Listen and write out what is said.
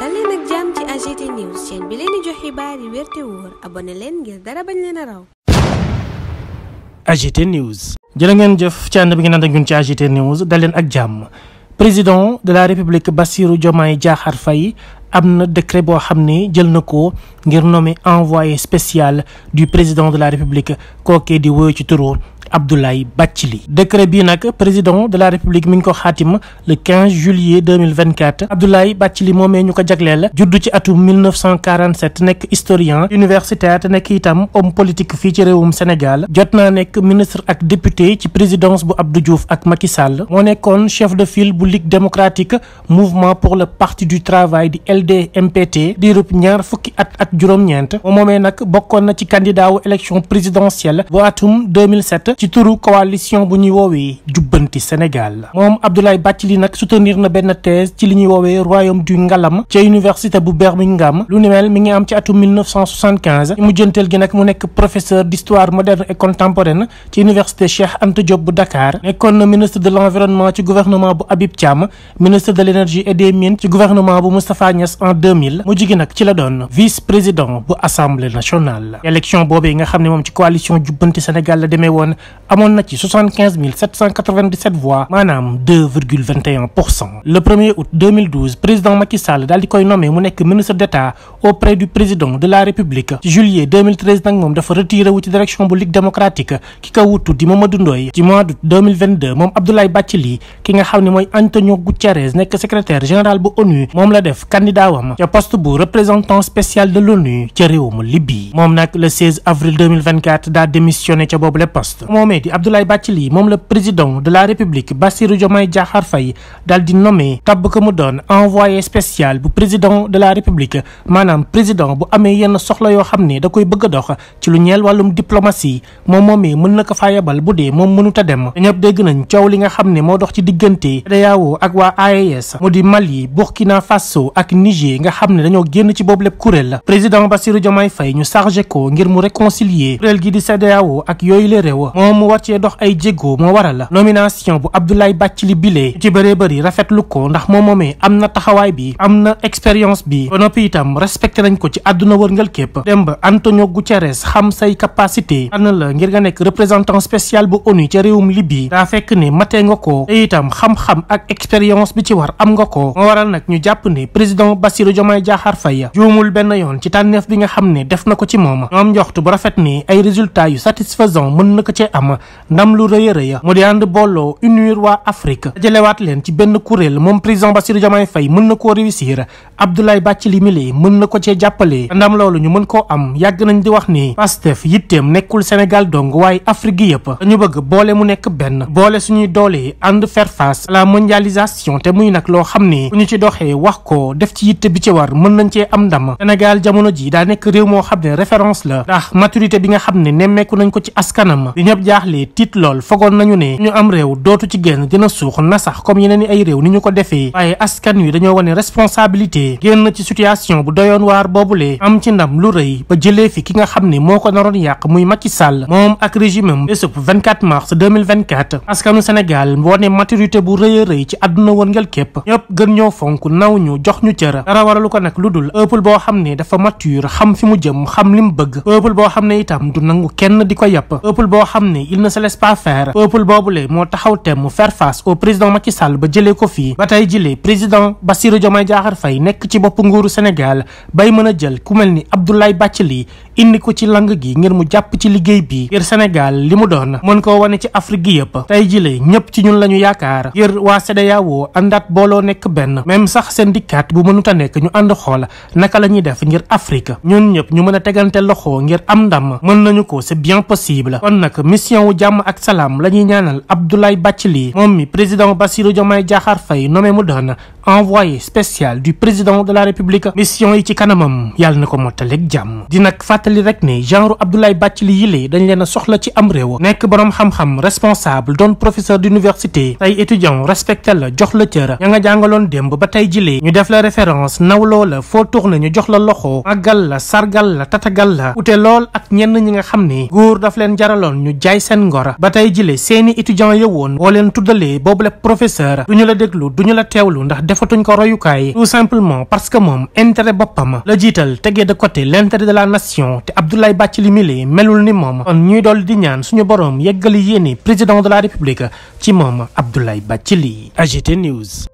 dal leen ak jàmm ci AGT news chaîne bi leen di jox xibaar yi wér te wóor abonné leen ngir dara bañ leen a raw. AGT news. ngeen jëf ci bi ngeen ànd ak ñun ci AGT news dal leen ak jàmm président de la république Bassirou Diomaye Diakhar Faye am na décret boo xam ne jël na ko ngir nommer envoyé spécial du président de la république kookee di woyo ci turu Abdoulaye Bathily décret bii nag président de la république mi ngi ko xaatim le 15 juillet 2024 Abdoulaye Bathily moomee ñu ko jagleel juddu ci atum 1947 nekk historien universitaire te nekk itam homme politique fii ci réewum Sénégal jot na nekk ministre ak député ci présidence bu Abdou Diouf ak Macky Sall moo nekkoon chef de file bu Ligue démocratique mouvement pour le LDMPT diirub ñaar fukki at ak juróom-ñeent moom moomee nag bokkoon na ci candidat wu élection présidentielle bu atum 2007 ci turu coalition bu ñuy woowee jubbanti Sénégal moom Abdoulaye Bathily nag soutenir na benn thèse ci li ñuy woowee royaume du ngalam ca université bu Birmingham lu ni mel mi ngi am ci atum 1975 mu jënteel gi nag mu nekk professeur d'histoire moderne et contemporaine ci université Cheikh Anta Diop bu Dakar nekkoon na ministre de l'environnement Dias en 2000 mujj nag ci la doon vice président bu assemblée nationale élection boobee nga xam ne moom ci coalition jubbanti Sénégal la demee woon amoon na ci 75 maanaam le 1er président Macky Sall di koy nommé mu nekk ministre d'État auprès du président de la République ci nag moom dafa retiré wu direction bu Ligue démocratique ki ko wutu di Mamadou Ndoye ci mois d'août moom Abdoulaye Bathily ki nga xam ne mooy Antonio Guterres nekk taxawaayam bu représentant spécial de l'ONU ca réewum Libye moom nag le avril daa démissionné ca boobule poste moomee di Abdoulaye Bathily moom la président de la République Bassirou Diomaye Diakhar Faye daal di nommé tabb ko mu doon envoyé spécial bu président de la République maanaam président bu amee yenn soxla yoo xam ne da koy bëgg dox ci lu ñeel wàllum diplomatie moom moomee mën na ko faa bu dee moom mënut dem ñëpp dégg nañ coow li nga xam ne Niger nga xam ne dañoo génn ci boobu lépp kuréel la président Bassirou Diomaye Faye ñu chargé ngir mu réconcilier kuréel gi di CEDEAO ak yooyu la moom mu war cee dox ay jéego moo waral la nomination bu Abdoulaye Bathily Bile ci bëree rafetlu ko ndax moom am na taxawaay bi am na expérience bi ba noppi itam respecté nañ ko ci àdduna wërngal képp dem ba Antonio Guterres xam say capacité ana la ngir nga nekk représentant spécial bu ONU ca président Bassirou Diomaye Diakhar Faye juumul benn yoon ci tànneef bi nga xam ne def na ko ci moom ñoom njoxtu bu rafet ni ay résultats yu satisfaisant mën na ko cee am ndam lu rëy a rëy mu di ànd booloo unir waa Afrique jëlewaat leen ci benn kuréel moom président Bassirou Diomaye Faye mën na koo réussir Abdoulaye Bathily Milé mën na ko cee jàppale ndam loolu ñu mën koo am yàgg nañ di wax ni Pastef yitteem nekkul Sénégal dong waaye Afrique gi yëpp dañu bëgg ci yitte bi ci war mën nañ cee am ndam Sénégal jamono ji daa nekk réew moo xam ne référence la ndax maturité bi nga xam ne nemmeeku suux na sax comme yeneen i ay réew ni ñu ko defee waaye askan wi dañoo wane responsabilité génn ci situation bu doyoon waar boobule am ci ndam lu rëy ba jëlee fi ki nga xam ne moo ko naroon yàq muy Macky Sall moom ak régime am mars askanu Sénégal wane maturité bu rëy rëy ci àdduna wërngal képp ñëpp gën ñoo fonk dara dara waralu ko nag lu dul peuple boo xam ne dafa mature xam fi mu jëm xam li bëgg peuple boo xam ne itam du nangu kenn di ko yàpp peuple boo xam ne il ne se laisse pas faire peuple boobule moo taxaw tem mu faire face au président Macky ba jëlee ko fii ba tey jëlee président Bassirou Diomaye Diakhar Faye nekk ci bopp nguuru Sénégal bay mën a jël ku mel ni Abdoulaye Bathily indi ko ci lang gi ngir mu jàpp ci liggéey bi ngir Sénégal li mu doon mën koo wane ci Afrique gi yëpp tey jile ñëpp ci ñun la ñu yaakaar ngir waa CEDEAO àndaat booloo nekk benn même sax seen dikkaat bu mënut a nekk ñu ànd xool naka la ñuy def ngir Afrique ñun ñëpp ñu mën a tegante loxo ngir am ndam mën nañu ko c'est bien possible kon nag mission wu jàmm ak salaam la ñuy ñaanal Abdoulaye Bathily moom mi président Bassirou Diomaye Diakhar fay nommé mu doon envoyé spécial du président de la République mission yi ci kanamam yàlla na ko mottaleeg jàmm fàttali rek ne genre Abdoulaye li yile dañu leen a soxla ci am réew nekk boroom xam-xam responsable doon professeur d'université tey étudiant respecté la jox la cër ña nga jàngaloon démb ba tey jilee ñu def la référence nawloo la foo tourné ñu jox la loxo màggal la sargal la tatagal la ute lool ak ñenn ñi nga xam ni góor daf leen jaraloon ñu jaay seen ngor ba tey jile seeni étudiant ya woon woo leen tuddalee boobu la professeur ñu la déglu duñu la teewlu ndax defatuñ ko royukaay tout simplement parce que moom intérêt boppam la jiital tegee de côté l'intérêt de la nation solo te Abdoulaye Bathily mili melul ni moom kon dool di ñaan suñu borom yeggali yéene président de la république ci moom Abdoulaye Bathily AGT News